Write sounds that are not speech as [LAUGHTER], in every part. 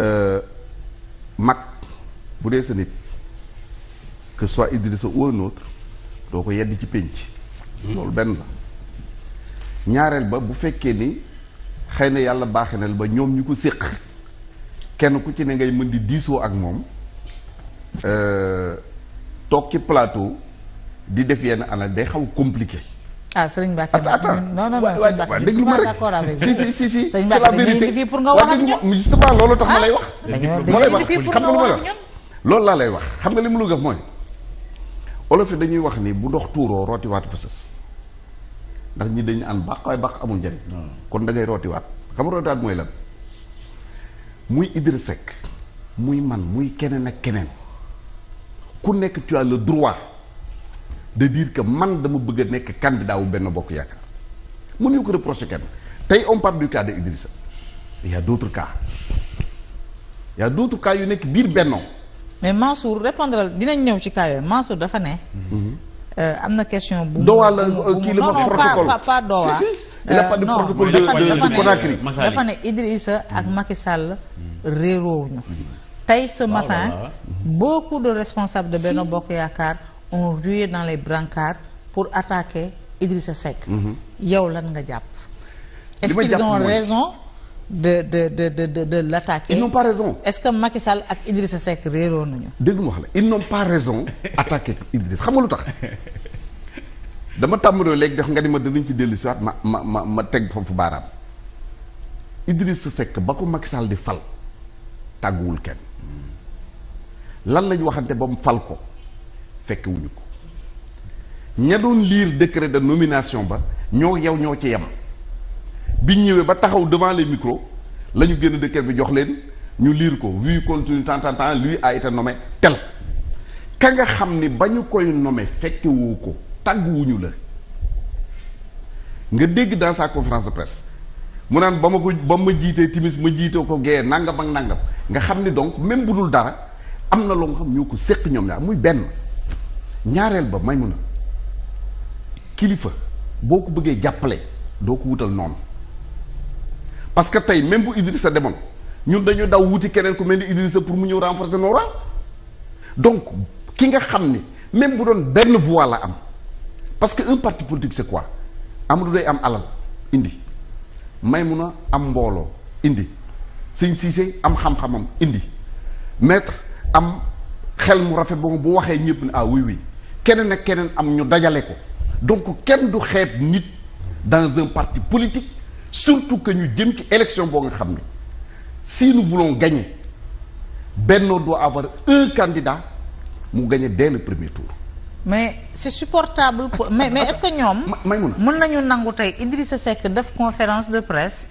Euh, mag bu dee sa nit que ce soit Idrissa ou un autre doo ko yedd ci pénc hmm. loolu benn la ñaareel ba bu fekkee ni xëy na yàlla baaxe na ba ñoom ñu ko séq kenn ku ci ne ngay mën di diisoo ak moom euh, toog ci plateau di def yenn anal day xaw compliqué ah Serigne Mbacke non non non Serigne Mbacke déglu ma rek si si si si c'est la vérité pour nga wax ak ñun justement loolu tax ma ah, lay wax ma lay loolu laa lay wax xam nga li mu lu gaf mooy olof yi dañuy wax ni bu ndox tuuroo rootiwaat fa sës ndax ñi dañu ànd baax waaye baax amul njëriñ hmm. kon da ngay rootiwaat xam nga rootiwaat mooy lan muy Idriss Seck muy man muy keneen ak keneen ku nekk tu as le droit de dire que man dama bëgg a nekk candidat wu benn bokk yaakaar mënuñu ko reproché kenn tey on parle du cas a d' autres cas il y a d' yu nekk biir bennoo mais Mansour répondre dinañ ñëw ci cas yooyu Mansour dafa ne. Mhm. Euh, am na question bu. dowal euh, kii la ma protocole a euh, pas de protocole de de Conakry dafa ne Idrissa ak mhm. Macky Sall mhm. réeroowuñu tey ce matin beaucoup de responsables de Benno Bokk Yaakaar. ont rué dans les brancards pour attaquer Idrissa Seck. Mhm. yow lan nga jàpp. est-ce qu'ils ont raison de de de de de de l'attaquer. ce que Macky Sall ak Idrissa Seck réeroon nañu. dégg nga wax la ils n'ont pas raison attaquer nga lu tax dama tàmbalee léegi def nga ni ma danañ ci dellu si waat ma ma ma ma teg foofu baaraam Idrissa Seck ba ko Macky di fal tàgguwul kenn lan lañu waxante ba mu fal ko. fekkewuñu ko ña doon lire décret de nomination ba ñoo yow ñoo ci yem biñ ñëwee ba taxaw devant les micros lañu génn décret bi jox leen ñu liir ko vu continuer tant tant tant lui a été nommé tel ka nga xam ni ba ñu koy nommé fekkewu ko tàgguwuñu la nga dégg dans sa conférence de presse mu naan ba ma ko ba ma jiitee timis ma jiitoo ko gee nangam ak nangam nga xam ni donc même bu dul dara am na loo nga xam ñoo ko séq ñoom ñaar muy benn ñaareel ba may mun a kilifa boo ko bëggee jàppale doo ko wutal noonu parce que tey même bu sa demoon ñun dañu daw wuti keneen ku mel ni sa pour mu ñëw renforcer nos rangs donc ki nga xam ni même bu doon benn voix la am parce que un parti politique c'est quoi Amadou day am alal indi may Maymuna am mbooloo indi Sëñ Cissé am xam-xamam indi maître am xel mu rafet ba bu waxee ñëpp ne ah oui oui keneen ak keneen am ñu dajale ko donc kenn du xeet nit dans un parti politique surtout que ñu jëm ci élection boo nga xam ne si nous voulons gagner Benno doit avoir un candidat mu gagner dès le premier tour. mais c'est supportable. mais mais est-ce que ñoom. mën nañu nangu tey Idrissa Seck def conférence de presse.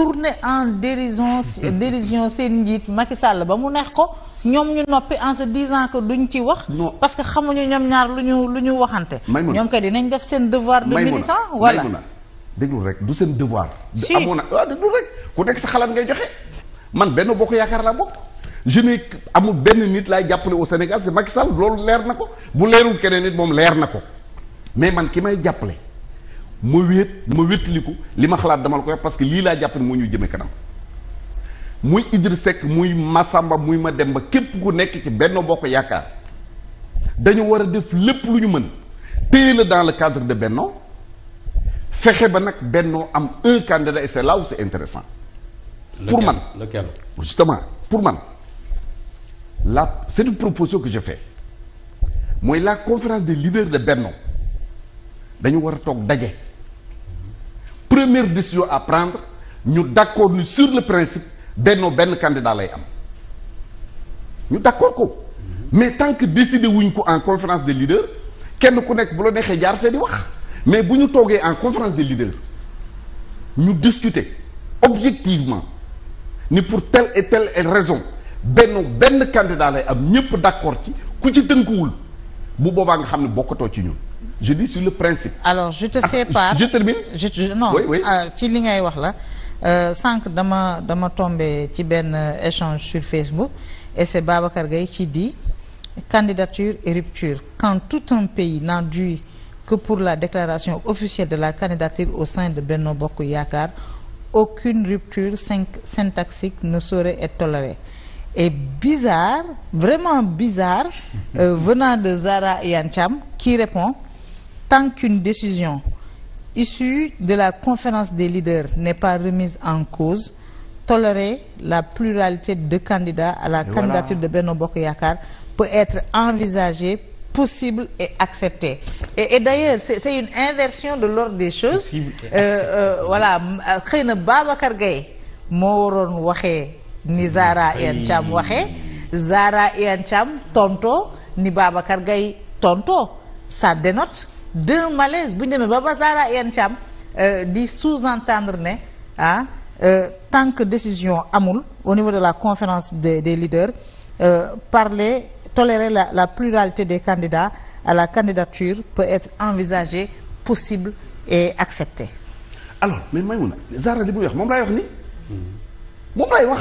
tourner en dérision dérision seen njiit Macky Sall ba mu neex ko ñoom ñu noppi en se disant que duñ ci wax. parce que xamuñu ñoom ñaar lu ñu lu ñu waxante. ñoom kay dinañ def seen devoir. de militant voilà déglu rek du seen devoir. si amoon na waaw ah, déglu ku nekk sa xalaat ngay joxe man benn bokk yaakaar laa bokk. amul benn nit laay jàppale au Sénégal c'est Macky Sall loolu leer na ko bu leerul keneen nit moom leer na ko mais man ki may jàppale. ma wéet ma wéttaliku li ma xalaat dama la koy parce que lii laa jàpp ne moo ñu jëmee kanam muy Idriss Seck muy Massamba muy ma dem ba képp ku nekk ci Benno Bokk Yaakaar dañu war a def lépp lu ñu mën téye la dans le cadre de Benno fexe ba nag Benno am un candidat et c'est là où c'est intéressant pour man justement pour man la c'est une proposition que je fais mooy la conférence des leaders de bennoo dañu war a toog daje première décision à prendre ñu d'accord ni sur le principe bennoo benn candidat lay am ñu d'accord ko mais tant que décidé wuñ ko en conférence des leaders kenn ku nekk bu la neexee jaar fee di wax mais bu ñu toogee en conférence des leaders ñu discuter objectivement ni pour telle et telle raison benn benn candidat lay am ñëpp d'accord ci ku ci tënkuwul bu boobaa nga xam ne bokkatoo ci ñun je dis sur le principe. alors je te fais part je termine. je te non euh, ci li ngay wax la euh, sànq dama dama tombe ci benn euh, échange sur Facebook et c'est Babacar Gaye qui dit candidature et rupture quand tout un pays n'enduit que pour la déclaration officielle de la candidature au sein de Benno Bokk Yaakaar aucune rupture syntaxique ne saurait être tolérée et bizarre vraiment bizarre venant de Zahra Iyane Thiam qui répond tant qu'une décision issue de la conférence des leaders n'est pas remise en cause, tolérer la pluralité de candidats à la et candidature voilà. de Benno Bokk Yakaar peut être envisagée, possible et acceptée. Et, et d'ailleurs, c'est une inversion de l'ordre des choses. Euh, euh, voilà, xëy na Babacar Gaye moo waroon waxee ni Zahra Iyane Thiam waxee Zahra Iyane ni Babacar Gaye tontoo ça dénote deux malaise bu ñu demee ba ba Zahra Iyane Thiam euh, di sous-entendre ne ah euh, tant que décision amul au niveau de la conférence des des leaders euh, parler tolérer la la pluralité des candidats à la candidature peut être envisagée possible et acceptée. alors mais Maïmouna Zahra li muy wax moom laay wax ni moom laay wax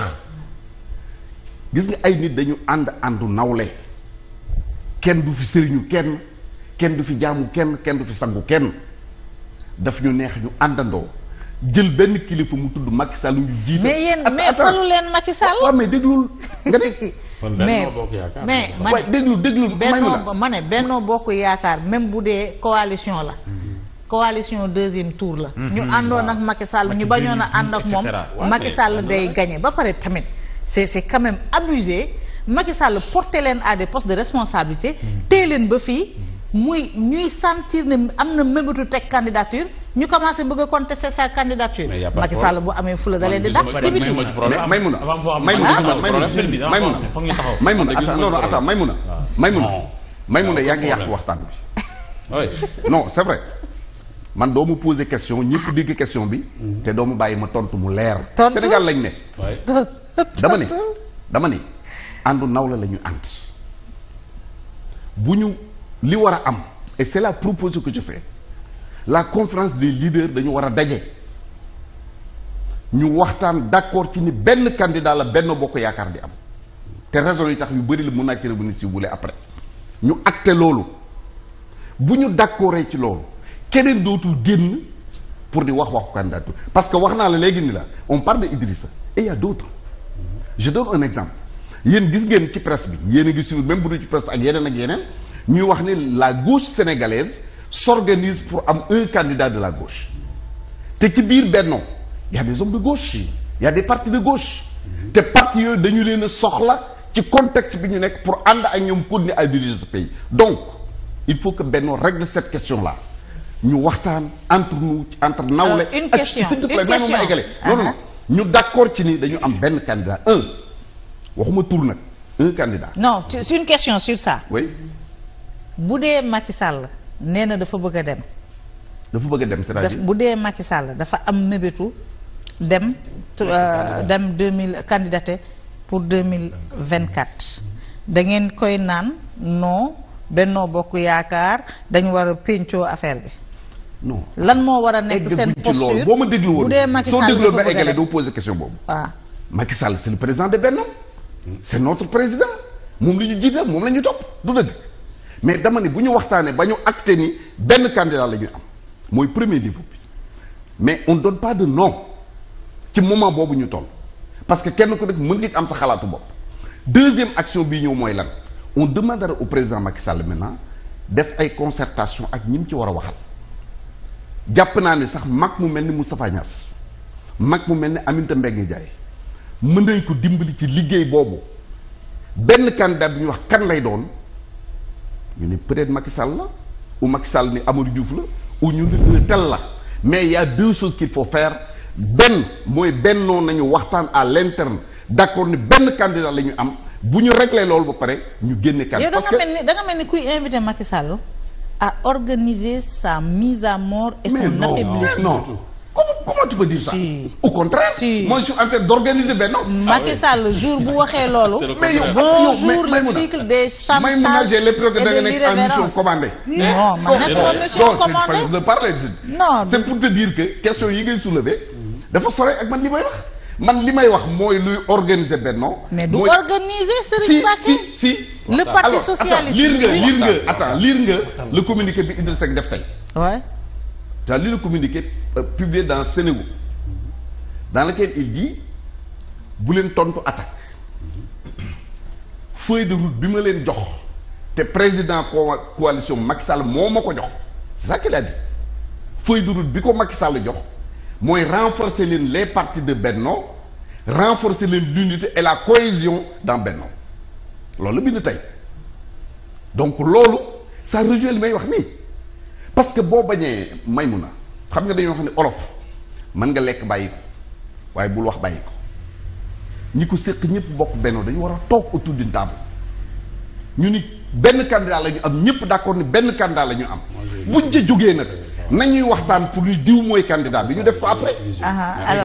gis nga ay nit dañu ànd àndu nawle kenn du fi sëriñu kenn. kenn du fi jaamu kenn kenn du fi sangu kenn daf ñu neex ñu àndandoo jël benn kilifa mu tudd Macky Sall ñu mais yéen mais falu leen Macky Sall. waaw mais [LAUGHS] mais ma ne déglul déglul bennoo ma ne bokk yaakaar même bu dee coalition la. coalition deuxième tour la. Mhm. ñu àndoon ak Macky Sall ñu bañoon a ànd ak moom. Macky Sall day gagné ba pare tamit c'est c'est quand même abusé Macky Sall porté leen à des postes de responsabilité. Mhm. téye leen ba fii. muy ñuy sentir ne am na mëbëtu teg candidature ñu commencé bëgg a contester sa candidature. Macky Sall bu amee fula da leen di dàq ci a Maymuna Maymuna non non attends Maymuna Maymuna Maymuna yaa ngi yàq waxtaan bi [LAUGHS] non c'est vrai man doo mu poser question ñëpp ah. digg question bi mhm. te doo mu bàyyi ma tontu mu leer Sénégal lañ ne [LAUGHS] dama ne dama ne àndu nawla la ñu ànd bu ñu li war a am et c'est la proposition que je fais la conférence des leaders dañu war a daje ñu waxtaan d'accord ci ni benn candidat la benn bokk yaakaar di am te raison yi tax yu bëri la mën naa ci revenir si vous voulez après ñu acte loolu bu ñu d'accordee ci loolu keneen dootul génn pour di wax waxu candidature parce que wax naa la léegi ni la on parle de Idrissa et il y a d'autres donne un exemple yéen gis ngeen ci presse bi yéen a ngi suivre même bu dul ci presse bi yeneen ak yeneen ñuy wax ni la gauche sénégalaise s'organise pour am un candidat de la gauche te ci biir Benno y a des de gauche y a des de gauche te parti yooyu dañu leen a soxla ci contexte bi ñu nekk pour ànd ak ñoom continuer à diriger ce pays donc il faut que Benno règle cette question là ñu waxtaan entre nous entre nawle euh, une question s'il te plaît même uh-huh. ñu d'accord ci ni dañu am benn candidat un waxuma tour nag un candidat non une question sur ça oui bu dee Macky Sall nee na dafa bëgg a dem. dafa bëgg dem cest à bu dee Macky Sall dafa am mébétu dem. Euh, dem deux mille candidaté pour deux mille vingt quatre. da ngeen koy naan non Benno Bokk Yaakaar dañu war a péncoo affaire bi. non lan moo war a nekk seen posture boo ma déglu woon bu dee Macky Sall dafa bëgg doo poser question boobu. waaw Macky Sall c'est le président de Benno. c'est notre président moom la ñu moom la ñu topp du dëgg. mais dama ne bu ñu waxtaanee ba ñu acté ni benn candidat la ñuy am mooy premier niveau bi mais on donne pas de nom ci moment boobu ñu toll parce que kenn ku def mën ngi am sa xalaatu bopp deuxième action bi ñëw mooy lan on demandera au président Macky Sall maintenant def ay concertation ak ñi mu ci war a waxal jàpp naa ne sax mag mu mel ni Moustapha Niass mag mu mel ni Aminata Mbengue Ndiaye mën nañ ko dimbali ci liggéey boobu benn candidat bi ñuy wax kan lay doon ñu ni peut-être Macky Sall la u Macky Sall ni amul Diouf la ou ñu ni tel la mais ya y a deux choses qu'il faut faire benn mooy bennoo nañu waxtaan à l'interne d'accord ni benn candidat la ñu am bu ñu réglé loolu ba pare ñu génne candidat parce que yow da nga mel ni da mel ni kuy invité Macky Sall à organiser sa mise à mort et son affaiblissement. comment tu peux dire ça. si au contraire. si moi je d'organiser benn. Macky ah Sall jour bu waxee [LAUGHS] loolu. mais yow bonjour le cycle des chantages et de l'irrévérence non man nekkoon mission commandée non c'est de parler non c'est pour te dire que question yi ngay soulever. dafa sore ak man li may wax. man li may wax mooy luy organiser benno mais du organiser Serigne Mbacké si si si. le parti socialiste. liir nga liir nga le communiqué bi Idrissa Seck def tey. J'ai lu le communiqué euh, publié dans Sénégal, dans lequel il dit Boulen Tonto attaque. Feuille de route, leen jox te président coalition Maxal Momoko Djok. C'est ça qu'il a dit. Feuille de route, Biko Maxal Djok, moi renforcer les partis de Benno, renforcer l'unité et la cohésion dans Benno. la ce que Donc, loolu ça may wax meilleur. parce que boo bañee may mu na xam nga dañoo xam ne olof mën nga lekk bàyyi ko waaye bul wax bàyyi ko ñi ko séq ñëpp bokk benn dañu war a toog autour d'une ñu ni benn candidat la ñu am ñëpp d'accord ni benn candidat la ñu am buñ ca jógee nag nañuy waxtaan pour ni diw mooy candidat bi ñu def ko après